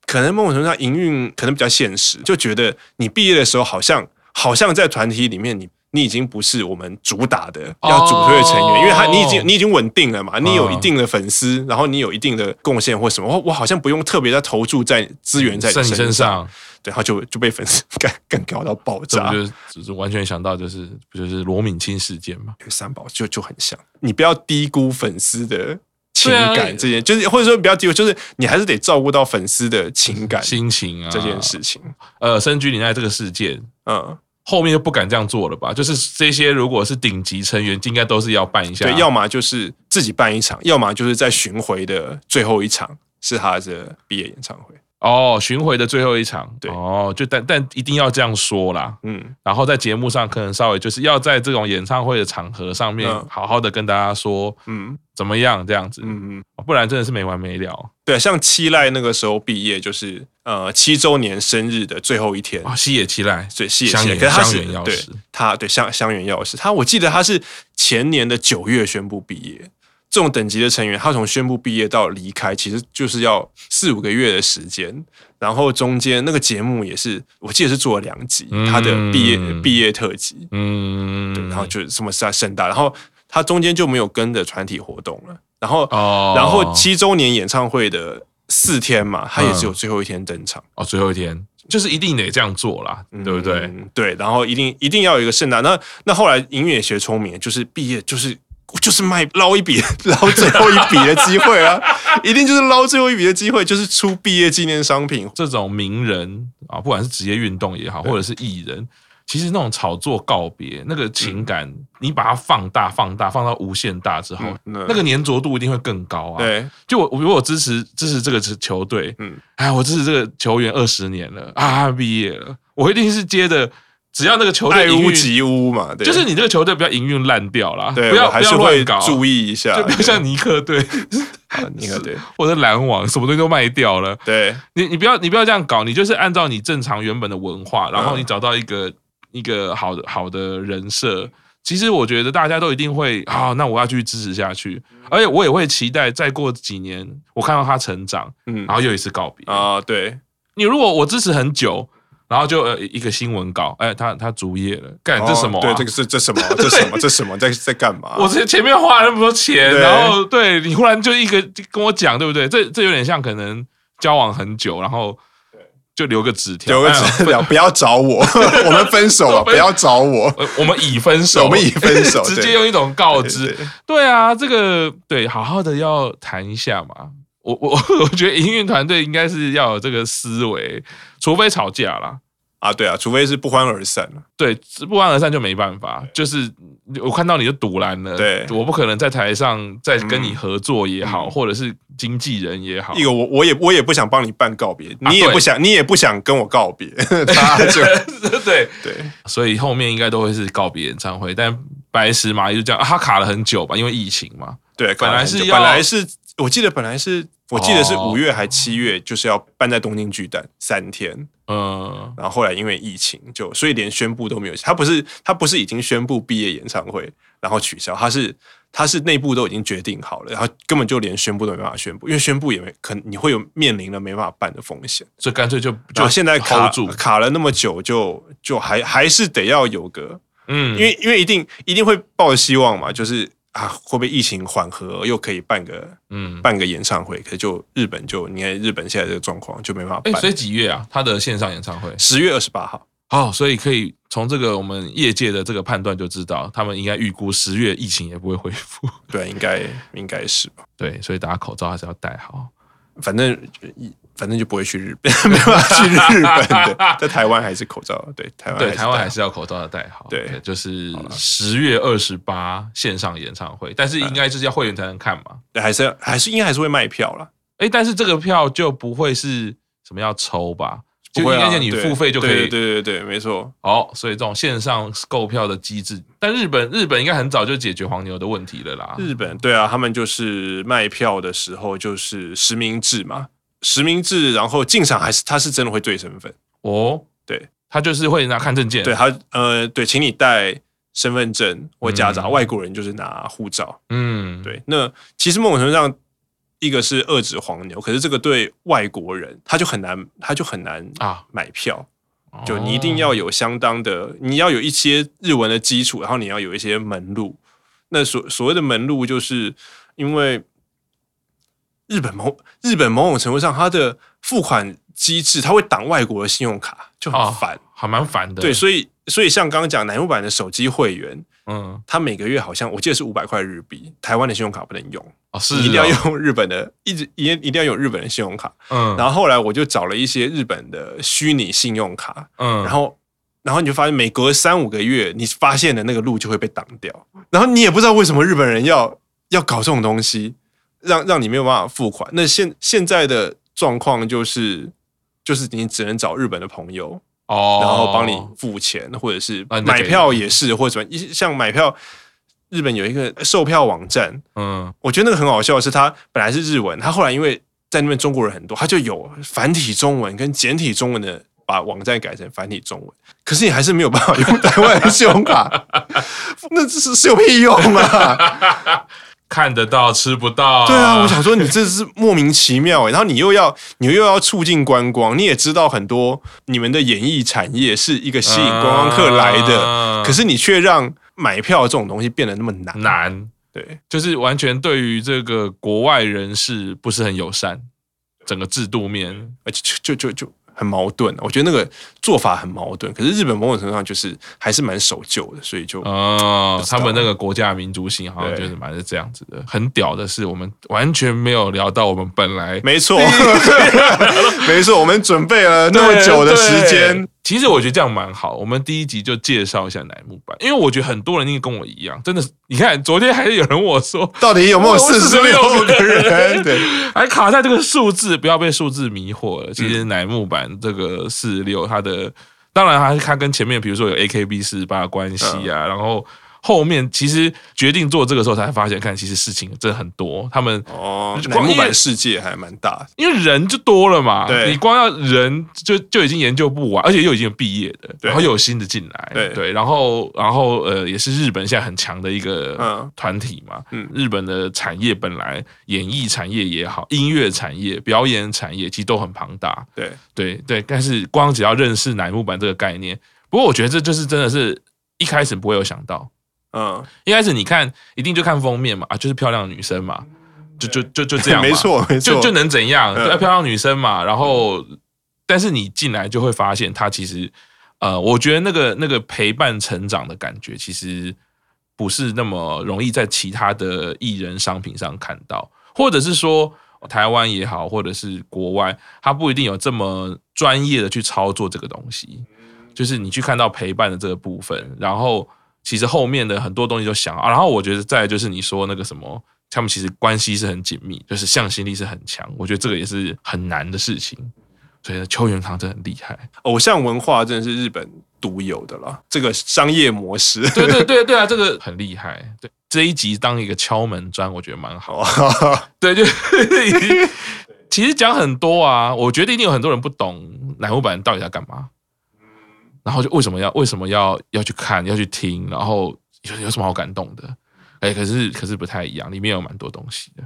可能某種程度上，營運可能比較現實，就覺得你畢業的時候，好像好像在團體裡面你。你已經不是我們主打的要主推的成員，因為他你已經你已經穩定了嘛，你有一定的粉絲，然後你有一定的貢獻或什麼，我我好像不用特別再投注在資源在你身上，對，然後就就被粉絲幹幹譙到爆炸，就是完全想到就是不就是羅敏清事件嘛對，三寶就就很像，你不要低估粉絲的情感，這件就是或者說不要低估，就是你還是得照顧到粉絲的情感、心情這件事情。呃，生駒里奈這個事件，嗯。後面就不敢這樣做了吧？就是這些，如果是頂級成員，應該都是要辦一下。對，要麼就是自己辦一場，要麼就是在巡迴的最後一場是他的畢業演唱會。哦，巡迴的最後一場，哦、一場對。哦，就但但一定要這樣說啦。嗯。然後在節目上可能稍微就是要在這種演唱會的場合上面好好的跟大家說。嗯。嗯怎麼樣？這樣子，嗯嗯，不然真的是沒完沒了。對，像七瀨那個時候畢業，就是呃七周年生日的最後一天。啊、哦，西野七瀨，對西野七瀨，遠可是他是對，他對香香園鑰匙，他我記得他是前年的九月宣布畢業。這種等級的成員，他從宣布畢業到離開，其實就是要四五個月的時間。然後中間那個節目也是，我記得是做了兩集，他的畢業、嗯、畢業特輯嗯，然後就什麼是在盛大，然後。他中間就沒有跟着團體活動了，然後，然後七周年演唱會的四天嘛，他也只有最後一天登場、嗯。哦，最後一天就是一定得這樣做啦，嗯、對不對？對，然後一定一定要有一個盛大，那那後來音樂也學聰明，就是畢業就是就是賣撈一筆，撈最後一筆的機會啊， 一定就是撈最後一筆的機會，就是出畢業紀念商品。這種名人啊，不管是職業運動也好，對或者是藝人。其實那種炒作告別那個情感，你把它放大、放大、放到無限大之後，那個粘着度一定會更高啊！對，就我，如果我支持支持這個球球隊，嗯，哎，我支持這個球員二十年了，啊，畢業了，我一定是接著。只要那個球隊愛屋及烏嘛，就是你這個球隊不要營運爛掉啦，對，不要不要亂搞，注意一下，就不要像尼克隊、尼克隊或者籃網，什麼東西都賣掉了。對你，你不要你不要這樣搞，你就是按照你正常原本的文化，然後你找到一個。一個好的好的人設，其實我覺得大家都一定會啊、哦，那我要去支持下去，而且我也會期待再過幾年我看到他成長，嗯、然後又一次告別啊、哦。對，你如果我支持很久，然後就、呃、一個新聞稿，哎，他他卒業了，幹、哦、這什麼、啊？對，這個是這什麼？這什麼？這什麼？ 對什麼在在幹嘛、啊？我前前面花那麼多錢，對然後對，你忽然就一個跟我講，對不對？這這有點像可能交往很久，然後。就留個紙條，留個紙條，哎、不，不要找我， 我們分手了， 分不要找我，我，我們已分手，我們已分手， 直接用一種告知。對，對，對，對啊，這個對，好好的要談一下嘛。我我我，我覺得營運團隊應該是要有這個思維，除非吵架啦。啊，對啊，除非是不歡而散。對，不歡而散就沒辦法。對就是我看到你就賭爛了。對，我不可能在台上再跟你合作也好，嗯、或者是經紀人也好。一個我，我也我也不想幫你辦告別，啊、你也不想，對你也不想跟我告別。對 對，對，所以後面應該都會是告別演唱會。但白石麻衣就這樣、啊，他卡了很久吧，因為疫情嘛。對，本來是要本來是我記得本來是。我記得是五月還七月，就是要辦在東京巨蛋三天，嗯，然後後來因為疫情，就所以連宣布都沒有。他不是他不是已經宣布畢業演唱會，然後取消，他是他是內部都已經決定好了，然後根本就連宣布都沒辦法宣布，因為宣布也沒可能你會有面臨了沒辦法辦的風險，所以乾脆就就現在卡住卡了那麼久，就就還還是得要有個嗯，因為因為一定一定會抱希望嘛，就是。啊，會不會疫情緩和，又可以辦個嗯，辦個演唱會？可是就日本就你看日本現在這個狀況，就沒辦法辦、欸。所以幾月啊？他的線上演唱會十月二十八號。好、哦，所以可以從這個我們業界的這個判斷就知道，他們應該預估十月疫情也不會恢復。對，應該應該是吧？對，所以大家口罩還是要戴好。反正。反正就不會去日本， 沒辦法去日本。在台灣還是口罩，對台灣對台灣還是要口罩要戴好。對，就是十月二十八線上演唱會，但是應該是要會員才能看嘛、欸？還是還是應該還是會賣票啦。哎，但是這個票就不會是什麼要抽吧？就會看見你付費就可以。對對對，沒錯。好，所以這種線上購票，票的機制，但日本日本應該很早就解決黃牛的問題了啦。日本對啊，他們就是賣票的時候就是實名制嘛。實名制，然後進場還是他是真的會對身份哦？對，他就是會拿看證件，對他呃、對，請你帶身份證或駕照。嗯、外國人就是拿護照，嗯，對。那其實某種程度上，一個是遏制黃牛，可是這個對外國人他就很難，他就很難啊買票，啊、就你一定要有相當的，你要有一些日文的基礎，然後你要有一些門路。那所所謂的門路，就是因為。日本某日本某種程度上，它的付款機制，它會擋外國的信用卡，就很煩。好、哦、蠻煩的。對，所以所以像剛剛講乃木坂的手機會員，嗯，他每個月好像我記得是五百塊日幣，台灣的信用卡不能用。哦、是，是。哦、一定要用日本的，一直也一定要用日本的信用卡。嗯，然後後來我就找了一些日本的虛擬信用卡，嗯，然後然後你就發現每隔三五個月，你發現的那個路就會被擋掉，然後你也不知道為什麼日本人要要搞這種東西。讓讓你沒有辦法付款。那現現在的狀況就是，就是你只能找日本的朋友，oh. 然後幫你付錢，或者是買票也是，或者什麼，像買票，日本有一個售票網站。嗯，我覺得那個很好笑的是，他本來是日文，他後來因為在那邊中國人很多，他就有繁體中文跟簡體中文的，把網站改成繁體中文。可是你還是沒有辦法用台灣的信用卡， 那這是，是有屁用啊！ 看得到，吃不到啊。對啊，我想說，你這是莫名其妙 然後你又要，你又要促進觀光，你也知道很多你們的演藝產業是一個吸引觀光客來的，嗯、可是你卻讓買票這種東西變得那麼難。難，對，就是完全對於這個國外人士不是很友善，整個制度面，而且就就就。就就就很矛盾，我覺得那個做法很矛盾。可是日本某種程度上就是還是蠻守舊的，所以就啊，哦、就他們那個國家民族性好像就是蠻是這樣子的。對很屌的是，我們完全沒有聊到我們本來。沒錯錯， 沒錯，我們準備了那麼久的時間。其實我覺得這樣蠻好，我們第一集就介紹一下乃木坂，因為我覺得很多人應該跟我一樣，真的是你看昨天還是有人問我說到底有沒有四十六的人，對，還卡在這個數字，不要被數字迷惑了。其實乃木坂這個四十六，它的，嗯、當然還是他跟前面比如說有 AKB 四十八關係啊，嗯，然後。後面其實決定做這個時候才發現，看其實事情真的很多。他們哦，乃木坂世界還蠻大，因為人就多了嘛。對你光要人就就已經研究不完，而且又已經畢業的，對然後又有新的進來。對，對，然後然後呃，也是日本現在很強的一個團體嘛。嗯嗯、日本的產業本來演藝產業也好，音樂產業、表演產業其實都很龐大。對對對，但是光只要認識乃木坂這個概念，不過我覺得這就是真的是一開始不會有想到。嗯，一開始你看一定就看封面嘛，啊，就是漂亮女生嘛，就就就就這樣嘛，沒錯沒錯，就就能怎樣，嗯、就要漂亮女生嘛。然後，但是你進來就會發現，他其實，呃，我覺得那個那個陪伴成長的感覺，其實不是那麼容易在其他的藝人商品上看到，或者是說，台灣也好，或者是國外，他不一定有這麼專業的去操作這個東西，就是你去看到陪伴的這個部分，然後。其實後面的很多東西都想，啊，然後我覺得再就是你說那個什麼，他們其實關係是很緊密，就是向心力是很強。我覺得這個也是很難的事情，所以秋元康真的很厲害，偶像文化真的是日本獨有的了。這個商業模式，對對對對啊，對啊，這個很厲害。對，這一集當一個敲門磚，我覺得蠻好啊。哦、哈哈對，就其實講很多啊，我覺得一定有很多人不懂乃木坂到底在幹嘛？然後就為什麼要為什麼要要去看，要去聽，然後有有什麼好感動的？哎，可是可是不太一樣，裡面有蠻多東西的。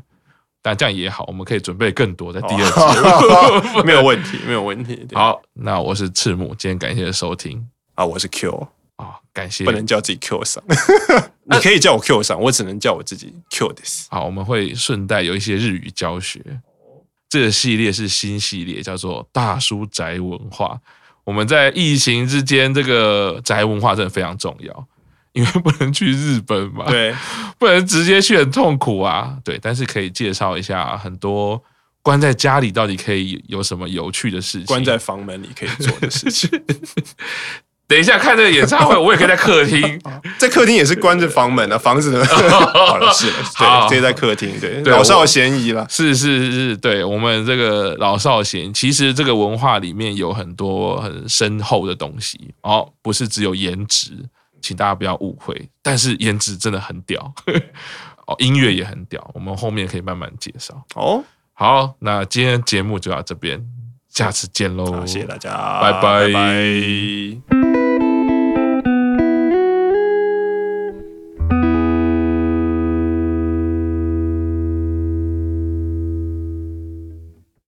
但這樣也好，我們可以準備更多在第二集，哦、 沒有問題，沒有問題。好，那我是赤木，今天感謝收聽啊，我是 Q 啊、哦，感謝。不能叫自己 Q 桑， 你可以叫我 Q 桑，啊、我只能叫我自己 Q です。好，我們會順帶有一些日語教學。這個系列是新系列，叫做大叔宅文化。我們在疫情之間，這個宅文化真的非常重要，因為不能去日本嘛，對，不能直接去很痛苦啊，對，但是可以介紹一下很多關在家裡到底可以有什麼有趣的事情，關在房門裡可以做的事情。 等一下，看這個演唱會，我也可以在客廳， 在客廳也是關着房門的，啊，房子呢 好了，是的，好對，對，直接在客廳，對，老少咸宜了，是是是是，對，我們這個老少咸，其實這個文化裡面有很多很深厚的東西哦，不是只有顏值，請大家不要誤會，但是顏值真的很屌哦，音樂也很屌，我們後面可以慢慢介紹哦。好，那今天節目就到這邊，下次見嘍，謝謝大家，拜拜。拜拜。